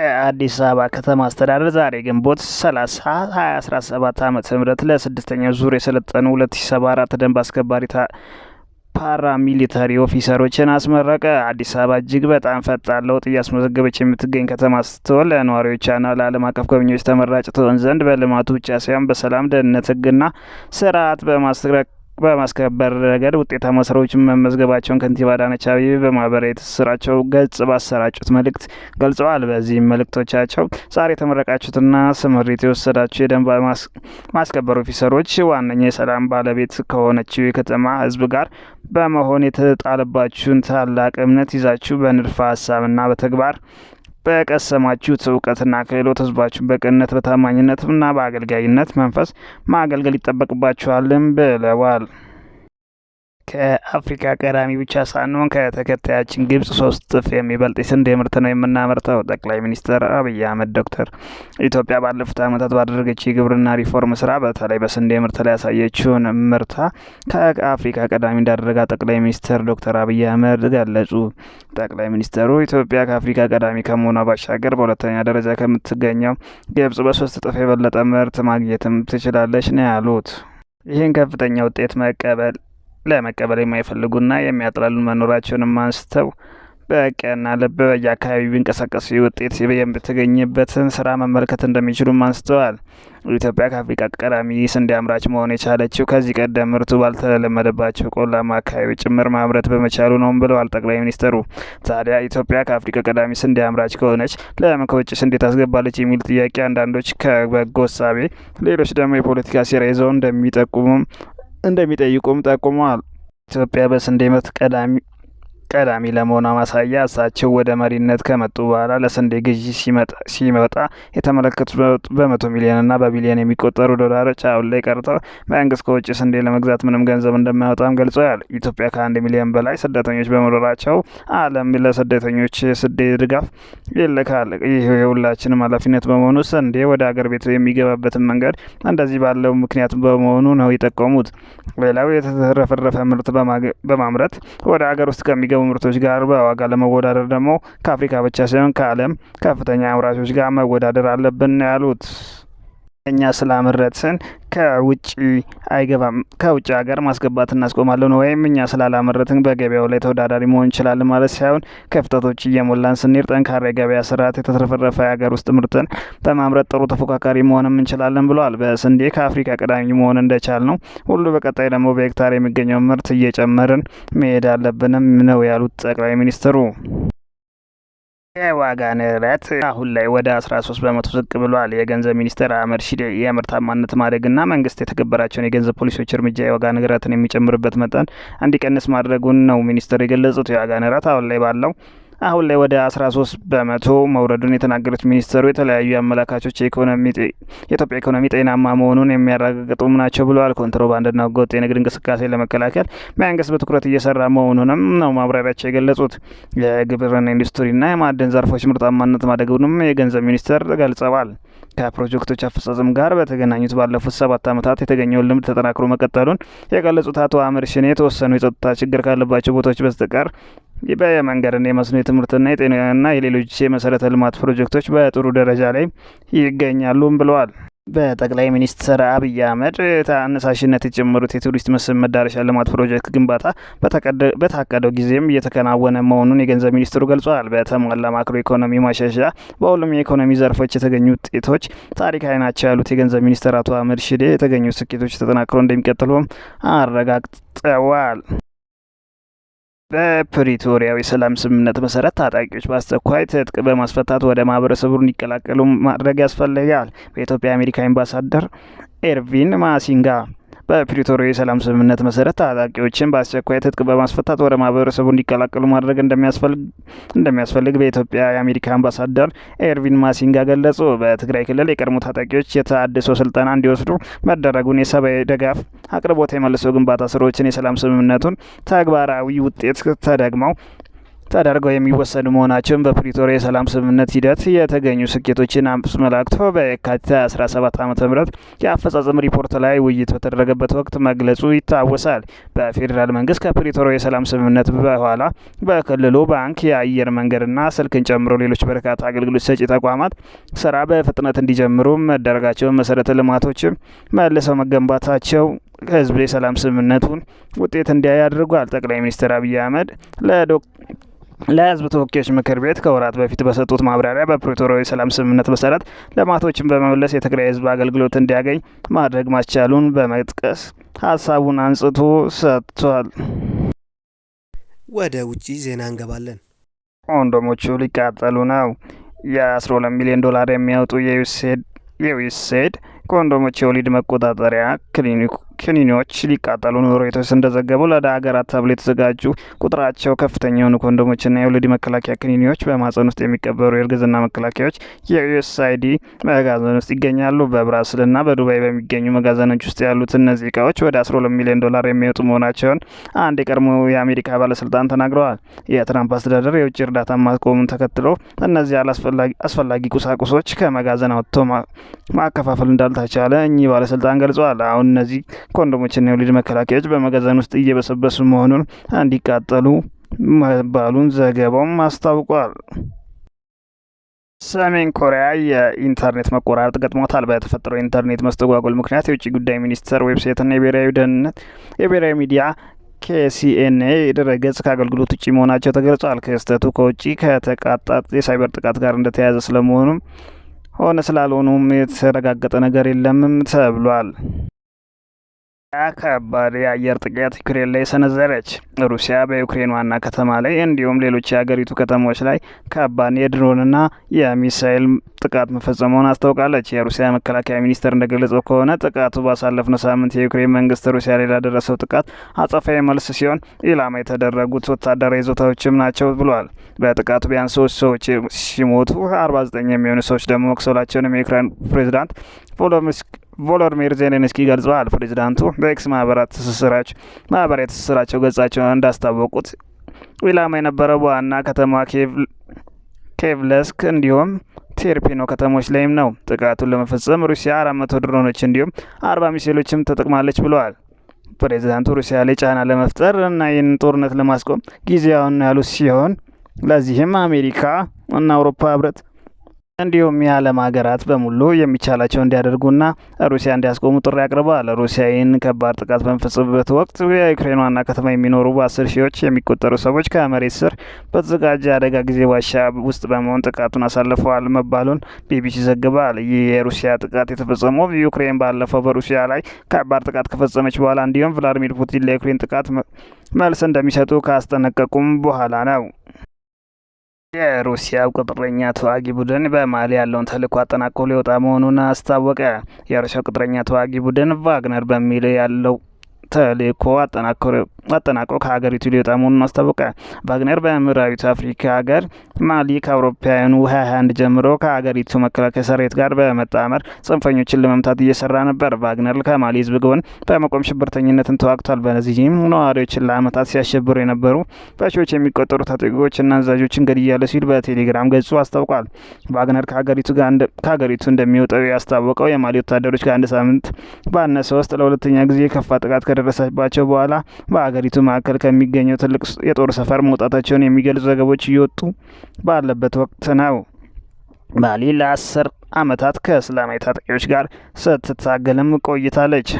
የአዲስ አበባ ከተማ አስተዳደር ዛሬ ግንቦት 30 2017 ዓ ም ለስድስተኛው ዙር የሰለጠኑ 2074 ደንብ አስከባሪ ፓራሚሊተሪ ኦፊሰሮችን አስመረቀ። አዲስ አበባ እጅግ በጣም ፈጣን ለውጥ እያስመዘገበች የምትገኝ ከተማ ስትሆን ለነዋሪዎቿና ለዓለም አቀፍ ጎብኚዎች ተመራጭ ትሆን ዘንድ በልማቱ ብቻ ሳይሆን በሰላም ደህንነት፣ ህግና ስርዓት በማስረቅ በማስከበር ረገድ ውጤታማ ስራዎችን መመዝገባቸውን ከንቲባ አዳነች አቤቤ በማህበራዊ ትስስራቸው ገጽ ባሰራጩት መልእክት ገልጸዋል። በዚህም መልእክቶቻቸው ዛሬ የተመረቃችሁትና ስምሪት የወሰዳችሁ የደንብ ማስከበር ኦፊሰሮች ዋነኛ የሰላም ባለቤት ከሆነችው የከተማ ህዝብ ጋር በመሆን የተጣለባችሁን ታላቅ እምነት ይዛችሁ በንድፈ ሀሳብና በተግባር በቀሰማችሁት እውቀትና ክህሎት ህዝባችሁን በቅንነት በታማኝነትና በአገልጋይነት መንፈስ ማገልገል ይጠበቅባችኋልም ብለዋል። ከአፍሪካ ቀዳሚ ብቻ ሳንሆን ከተከታያችን ግብጽ ሶስት እጥፍ የሚበልጥ ስንዴ ምርት ነው የምናመርተው። ጠቅላይ ሚኒስትር አብይ አህመድ ዶክተር ኢትዮጵያ ባለፉት ዓመታት ባደረገች የግብርና ሪፎርም ስራ በተለይ በስንዴ ምርት ላይ ያሳየችውን ምርታ ከአፍሪካ ቀዳሚ እንዳደረጋ ጠቅላይ ሚኒስትር ዶክተር አብይ አህመድ ገለጹ። ጠቅላይ ሚኒስትሩ ኢትዮጵያ ከአፍሪካ ቀዳሚ ከመሆኗ ባሻገር በሁለተኛ ደረጃ ከምትገኘው ግብጽ በሶስት እጥፍ የበለጠ ምርት ማግኘትም ትችላለች ነው ያሉት። ይህን ከፍተኛ ውጤት መቀበል ለመቀበል የማይፈልጉና የሚያጥላሉ መኖራቸውንም አንስተው በቀና ልብ በየአካባቢው ቢንቀሳቀሱ ውጤት የምትገኝበትን ስራ መመልከት እንደሚችሉም አንስተዋል። ኢትዮጵያ ከአፍሪካ ቀዳሚ ስንዴ አምራች መሆን የቻለችው ከዚህ ቀደም ምርቱ ባልተለመደባቸው ቆላማ አካባቢ ጭምር ማምረት በመቻሉ ነው ብለዋል ጠቅላይ ሚኒስትሩ። ታዲያ ኢትዮጵያ ከአፍሪካ ቀዳሚ ስንዴ አምራች ከሆነች ለምን ከውጭ ስንዴ ታስገባለች? የሚል ጥያቄ አንዳንዶች ከበጎ እሳቤ፣ ሌሎች ደግሞ የፖለቲካ ሴራ ይዘው እንደሚጠቁሙም እንደሚጠይቁም ጠቁመዋል። ኢትዮጵያ በስንዴ ምርት ቀዳሚ ቀዳሚ ለመሆኗ ማሳያ እሳቸው ወደ መሪነት ከመጡ በኋላ ለስንዴ ግዢ ሲመጣ የተመለከቱት በመቶ ሚሊዮንና በቢሊዮን የሚቆጠሩ ዶላሮች አሁን ላይ ቀርተው መንግስት ከውጭ ስንዴ ለመግዛት ምንም ገንዘብ እንደማያወጣም ገልጸዋል። ኢትዮጵያ ከአንድ ሚሊዮን በላይ ስደተኞች በመኖራቸው ዓለም ለስደተኞች ስንዴ ድጋፍ ይልካል። ይህ የሁላችንም ኃላፊነት በመሆኑ ስንዴ ወደ አገር ቤት የሚገባበትን መንገድ እንደዚህ ባለው ምክንያት በመሆኑ ነው የጠቆሙት። ሌላው የተረፈረፈ ምርት በማምረት ወደ አገር ውስጥ ከሚገቡ ምርቶች ጋር በዋጋ ለመወዳደር ደግሞ ከአፍሪካ ብቻ ሳይሆን ከዓለም ከፍተኛ አምራቾች ጋር መወዳደር አለብን ያሉት እኛ ስላመረትን ከውጭ አይገባም፣ ከውጭ ሀገር ማስገባት እናስቆማለን። ወይም እኛ ስላላመረትን በገበያው ላይ ተወዳዳሪ መሆን እንችላለን ማለት ሳይሆን ክፍተቶች እየሞላን ስንሄድ ጠንካራ የገበያ ስርዓት፣ የተትረፈረፈ የሀገር ውስጥ ምርትን በማምረት ጥሩ ተፎካካሪ መሆንም እንችላለን ብለዋል። በስንዴ ከአፍሪካ ቀዳሚ መሆን እንደቻል ነው ሁሉ በቀጣይ ደግሞ በሄክታር የሚገኘው ምርት እየጨመርን መሄድ አለብንም ነው ያሉት ጠቅላይ ሚኒስትሩ። የዋጋ ንረት አሁን ላይ ወደ አስራ ሶስት በመቶ ዝቅ ብሏል። የገንዘብ ሚኒስትር አህመድ ሺዴ የምርታማነት ማደግና መንግስት የተገበራቸውን የገንዘብ ፖሊሲዎች እርምጃ የዋጋ ንረትን የሚጨምርበት መጠን እንዲቀንስ ማድረጉን ነው ሚኒስትሩ የገለጹት። የዋጋ ንረት አሁን ላይ ባለው አሁን ላይ ወደ 13 በመቶ መውረዱን የተናገሩት ሚኒስተሩ የተለያዩ አመላካቾች የኢትዮጵያ ኢኮኖሚ ጤናማ መሆኑን የሚያረጋግጡም ናቸው ብለዋል። ኮንትሮባንድና ህገወጥ የንግድ እንቅስቃሴ ለመከላከል መንግስት በትኩረት እየሰራ መሆኑንም ነው ማብራሪያቸው የገለጹት። የግብርና ኢንዱስትሪና የማዕድን ዘርፎች ምርታማነት ማደጉንም የገንዘብ ሚኒስተር ገልጸዋል። ከፕሮጀክቶች አፈጻጸም ጋር በተገናኙት ባለፉት ሰባት ዓመታት የተገኘውን ልምድ ተጠናክሮ መቀጠሉን የገለጹት አቶ አምር ሽኔ የተወሰኑ የጸጥታ ችግር ካለባቸው ቦታዎች በስተቀር በየመንገድና የመስኖ የትምህርትና የጤናና የሌሎች የመሰረተ ልማት ፕሮጀክቶች በጥሩ ደረጃ ላይ ይገኛሉም ብለዋል። በጠቅላይ ሚኒስትር አብይ አህመድ ተነሳሽነት የጀመሩት የቱሪስት መስህብ መዳረሻ ልማት ፕሮጀክት ግንባታ በታቀደው ጊዜም እየተከናወነ መሆኑን የገንዘብ ሚኒስትሩ ገልጿል። በተሟላ ማክሮ ኢኮኖሚ ማሻሻያ በሁሉም የኢኮኖሚ ዘርፎች የተገኙ ውጤቶች ታሪካዊ ናቸው ያሉት የገንዘብ ሚኒስትር አቶ አህመድ ሽዴ የተገኙ ስኬቶች ተጠናክሮ እንደሚቀጥሉም አረጋግጠዋል። በፕሪቶሪያው የሰላም ስምምነት መሰረት ታጣቂዎች በአስቸኳይ ትጥቅ በማስፈታት ወደ ማህበረሰቡ እንዲቀላቀሉ ማድረግ ያስፈልጋል። በኢትዮጵያ የአሜሪካ ኤምባሳደር ኤርቪን ማሲንጋ በፕሪቶሪ የሰላም ስምምነት መሰረት ታጣቂዎችን በአስቸኳይ ትጥቅ በማስፈታት ወደ ማህበረሰቡ እንዲቀላቀሉ ማድረግ እንደሚያስፈልግ በኢትዮጵያ የአሜሪካ አምባሳደር ኤርቪን ማሲንጋ ገለጹ። በትግራይ ክልል የቀድሞ ታጣቂዎች የተሃድሶ ስልጠና እንዲወስዱ መደረጉን፣ የሰብአዊ ድጋፍ አቅርቦት፣ የመልሶ ግንባታ ስራዎችን፣ የሰላም ስምምነቱን ተግባራዊ ውጤት ተደግመው ተደርገው የሚወሰዱ መሆናቸውን በፕሪቶሪያ የሰላም ስምምነት ሂደት የተገኙ ስኬቶችን አስመላክቶ በየካቲት 17 ዓ ም የአፈጻጸም ሪፖርት ላይ ውይይት በተደረገበት ወቅት መግለጹ ይታወሳል። በፌዴራል መንግስት ከፕሪቶሪያ የሰላም ስምምነት በኋላ በክልሉ ባንክ፣ የአየር መንገድና ስልክን ጨምሮ ሌሎች በርካታ አገልግሎት ሰጪ ተቋማት ስራ በፍጥነት እንዲጀምሩ መደረጋቸውን መሰረተ ልማቶችም መልሰው መገንባታቸው ህዝብ የሰላም ስምምነቱን ውጤት እንዲያይ አድርጓል። ጠቅላይ ሚኒስትር አብይ አህመድ ለዶ ለህዝብ ተወካዮች ምክር ቤት ከወራት በፊት በሰጡት ማብራሪያ በፕሪቶሪያዊ ሰላም ስምምነት መሰረት ልማቶችን በመመለስ የትግራይ ህዝብ አገልግሎት እንዲያገኝ ማድረግ ማስቻሉን በመጥቀስ ሀሳቡን አንጽቶ ሰጥቷል። ወደ ውጭ ዜና እንገባለን። ኮንዶሞቹ ሊቃጠሉ ነው። የ12 ሚሊዮን ዶላር የሚያወጡ የዩሴድ ኮንዶሞች የወሊድ መቆጣጠሪያ ክሊኒክ ክኒኔዎች ሊቃጠሉ ነው። ሮይተርስ እንደዘገበው ለደ ሀገራት ተብሎ የተዘጋጁ ቁጥራቸው ከፍተኛ የሆኑ ኮንዶሞችና የወሊድ መከላከያ ክኒኒዎች በማጸን ውስጥ የሚቀበሩ የእርግዝና መከላከያዎች የዩኤስአይዲ መጋዘን ውስጥ ይገኛሉ። በብራስልና በዱባይ በሚገኙ መጋዘኖች ውስጥ ያሉት እነዚህ እቃዎች ወደ 12 ሚሊዮን ዶላር የሚወጡ መሆናቸውን አንድ የቀድሞ የአሜሪካ ባለስልጣን ተናግረዋል። የትራምፕ አስተዳደር የውጭ እርዳታ ማቆሙን ተከትሎ እነዚህ አስፈላጊ ቁሳቁሶች ከመጋዘን አውጥቶ ማከፋፈል እንዳልታቻለ እኚህ ባለስልጣን ገልጸዋል። አሁን እነዚህ ኮንዶሞችና የወሊድ መከላከያዎች በመጋዘን ውስጥ እየበሰበሱ መሆኑን እንዲቃጠሉ መባሉን ዘገባውም አስታውቋል። ሰሜን ኮሪያ የኢንተርኔት መቆራረጥ ገጥሞታል። በተፈጠረው የኢንተርኔት መስተጓጎል ምክንያት የውጭ ጉዳይ ሚኒስቴር ዌብሳይትና የብሔራዊ ደህንነት የብሔራዊ ሚዲያ ኬሲኤንኤ ድረገጽ ከአገልግሎት ውጭ መሆናቸው ተገልጿል። ክስተቱ ከውጭ ከተቃጣ የሳይበር ጥቃት ጋር እንደተያያዘ ስለመሆኑም ሆነ ስላልሆኑም የተረጋገጠ ነገር የለምም ተብሏል። ከባድ የአየር ጥቃት ዩክሬን ላይ ሰነዘረች። ሩሲያ በዩክሬን ዋና ከተማ ላይ እንዲሁም ሌሎች የሀገሪቱ ከተሞች ላይ ከባድ የድሮንና የሚሳይል ጥቃት መፈጸመውን አስታውቃለች። የሩሲያ መከላከያ ሚኒስቴር እንደገለጸው ከሆነ ጥቃቱ ባሳለፍነው ሳምንት የዩክሬን መንግስት ሩሲያ ላይ ላደረሰው ጥቃት አጸፋዊ መልስ ሲሆን ኢላማ የተደረጉት ወታደራዊ ይዞታዎችም ናቸው ብሏል። በጥቃቱ ቢያንስ ሶስት ሰዎች ሲሞቱ አርባ ዘጠኝ የሚሆኑ ሰዎች ደግሞ መቁሰላቸውንም የዩክሬን ፕሬዚዳንት ቮሎዲሚር ቮሎድሚር ዜሌንስኪ ገልጸዋል። ፕሬዚዳንቱ በኤክስ ማህበራት ትስስራቸው ማህበር የትስስራቸው ገጻቸው እንዳስታወቁት ኢላማ የነበረው በዋና ከተማዋ ኬቭለስክ እንዲሁም ቴርፒኖ ከተሞች ላይም ነው። ጥቃቱን ለመፈጸም ሩሲያ አራት መቶ ድሮኖች እንዲሁም አርባ ሚሳይሎችም ተጠቅማለች ብለዋል። ፕሬዚዳንቱ ሩሲያ ላይ ጫና ለመፍጠር እና ይህን ጦርነት ለማስቆም ጊዜያውን ያሉት ሲሆን ለዚህም አሜሪካ እና አውሮፓ ህብረት እንዲሁም የዓለም ሀገራት በሙሉ የሚቻላቸው እንዲያደርጉና ሩሲያ እንዲያስቆሙ ጥሪ አቅርበዋል። ሩሲያ ይህን ከባድ ጥቃት በምፈጽምበት ወቅት የዩክሬን ዋና ከተማ የሚኖሩ በአስር ሺዎች የሚቆጠሩ ሰዎች ከመሬት ስር በተዘጋጀ አደጋ ጊዜ ዋሻ ውስጥ በመሆን ጥቃቱን አሳልፈዋል መባሉን ቢቢሲ ዘግቧል። ይህ የሩሲያ ጥቃት የተፈጸመው ዩክሬን ባለፈው በሩሲያ ላይ ከባድ ጥቃት ከፈጸመች በኋላ እንዲሁም ቭላዲሚር ፑቲን ለዩክሬን ጥቃት መልስ እንደሚሰጡ ካስጠነቀቁም በኋላ ነው። የሩሲያ ቅጥረኛ ተዋጊ ቡድን በማሊ ያለውን ተልዕኮ አጠናቆ ሊወጣ መሆኑን አስታወቀ። የሩሲያው ቅጥረኛ ተዋጊ ቡድን ቫግነር በሚል ያለው ተልዕኮ አጠናቆ አጠናቆ ከሀገሪቱ ሊወጣ መሆኑን አስታወቀ። ቫግነር በምዕራቢቱ አፍሪካ ሀገር ማሊ ከአውሮፓውያኑ 2021 ጀምሮ ከሀገሪቱ መከላከያ ሰራዊት ጋር በመጣመር ጽንፈኞችን ለመምታት እየሰራ ነበር። ቫግነር ከማሊ ህዝብ ጎን በመቆም ሽብርተኝነትን ተዋግቷል። በዚህም ነዋሪዎችን ለአመታት ሲያሸብሩ የነበሩ በሺዎች የሚቆጠሩ ታጣቂዎችና አዛዦችን ገድያለሁ ሲል በቴሌግራም ገጹ አስታውቋል። ቫግነር ከሀገሪቱ እንደሚወጣው ያስታወቀው የማሊ ወታደሮች ከአንድ ሳምንት ባነሰ ውስጥ ለሁለተኛ ጊዜ የከፋ ጥቃት ከደረሰባቸው በኋላ በሀገሪቱ መካከል ከሚገኘው ትልቅ የጦር ሰፈር መውጣታቸውን የሚገልጹ ዘገቦች እየወጡ ባለበት ወቅት ነው። ባሊ ለአስር ዓመታት ከእስላማዊ ታጣቂዎች ጋር ስትታገልም ቆይታለች።